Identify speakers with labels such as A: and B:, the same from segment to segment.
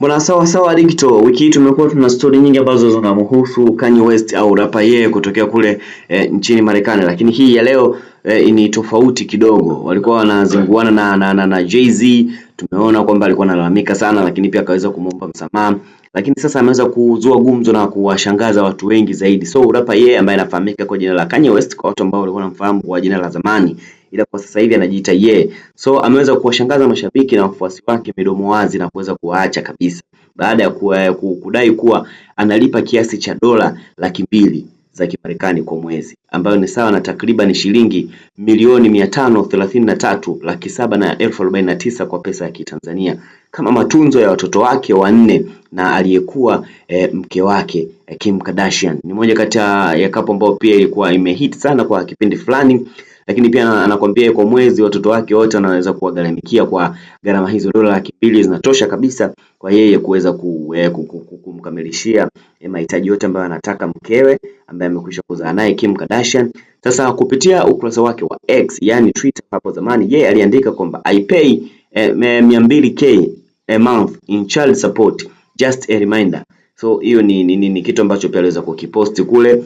A: Bwana sawa sawa Digital, wiki hii tumekuwa tuna stori nyingi ambazo zinamhusu Kanye West au rapa yeye kutokea kule e, nchini Marekani, lakini hii ya leo e, ni tofauti kidogo. Walikuwa wanazinguana na, na, na, na Jay-Z. Tumeona kwamba alikuwa analalamika sana, lakini pia akaweza kumwomba msamaha, lakini sasa ameweza kuzua gumzo na kuwashangaza watu wengi zaidi. So rapa yeye ambaye anafahamika kwa jina la Kanye West, kwa watu ambao walikuwa wanamfahamu kwa jina la zamani ila kwa sasa hivi anajiita ye So ameweza kuwashangaza mashabiki na wafuasi wake midomo wazi na kuweza kuwaacha kabisa baada ya kudai kuwa analipa kiasi cha dola laki mbili za Kimarekani kwa mwezi ambayo ni sawa na takriban shilingi milioni mia tano thelathini na tatu laki saba na elfu arobaini na tisa kwa pesa ya Kitanzania kama matunzo ya watoto wake wanne na aliyekuwa e, mke wake eh, Kim Kardashian. Ni moja kati ya kapo ambayo pia ilikuwa imehit sana kwa kipindi fulani lakini pia anakwambia kwa mwezi watoto wake wote wanaweza kuwagharamikia kwa gharama hizo. Dola laki mbili zinatosha kabisa kwa yeye kuweza eh, kumkamilishia eh, mahitaji yote ambayo anataka mkewe ambaye amekwisha kuzaa naye Kim Kardashian. Sasa kupitia ukurasa wake wa X, yani Twitter hapo zamani, yeye aliandika kwamba I pay eh, 200k a month in child support just a reminder. So hiyo ni, ni, ni, ni kitu ambacho pia aliweza kukiposti kule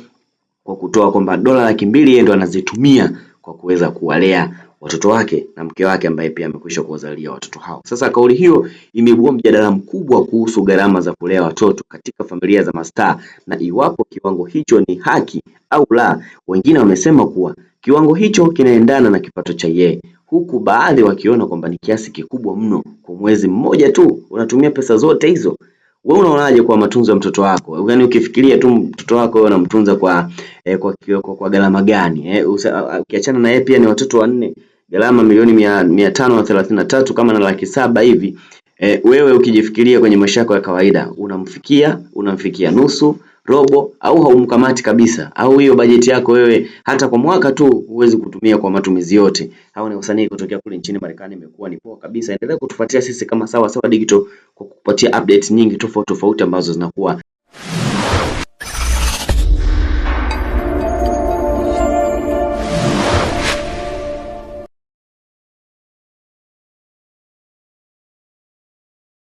A: kwa kutoa kwamba dola laki mbili yeye ndo anazitumia kwa kuweza kuwalea watoto wake na mke wake ambaye pia amekwisha kuwazalia watoto hao. Sasa kauli hiyo imeibua mjadala mkubwa kuhusu gharama za kulea watoto katika familia za mastaa na iwapo kiwango hicho ni haki au la. Wengine wamesema kuwa kiwango hicho kinaendana na kipato cha yeye, huku baadhi wakiona kwamba ni kiasi kikubwa mno. Kwa mwezi mmoja tu unatumia pesa zote hizo. Wewe unaonaje kwa matunzo ya mtoto wako? Yaani ukifikiria tu mtoto wako wewe unamtunza kwa eh, kwa, kwa, kwa gharama gani eh, ukiachana na yeye pia ni watoto wanne gharama milioni mia, mia tano na thelathini na tatu kama na laki saba hivi eh, wewe ukijifikiria kwenye maisha yako ya kawaida unamfikia unamfikia nusu robo au haumkamati kabisa au hiyo bajeti yako wewe hata kwa mwaka tu huwezi kutumia kwa matumizi yote. Hao ni wasanii kutokea kule nchini Marekani, imekuwa ni poa kabisa. Endelea kutufuatia sisi kama Sawa Sawa Digital kwa kupatia update nyingi tofauti tofauti ambazo zinakuwa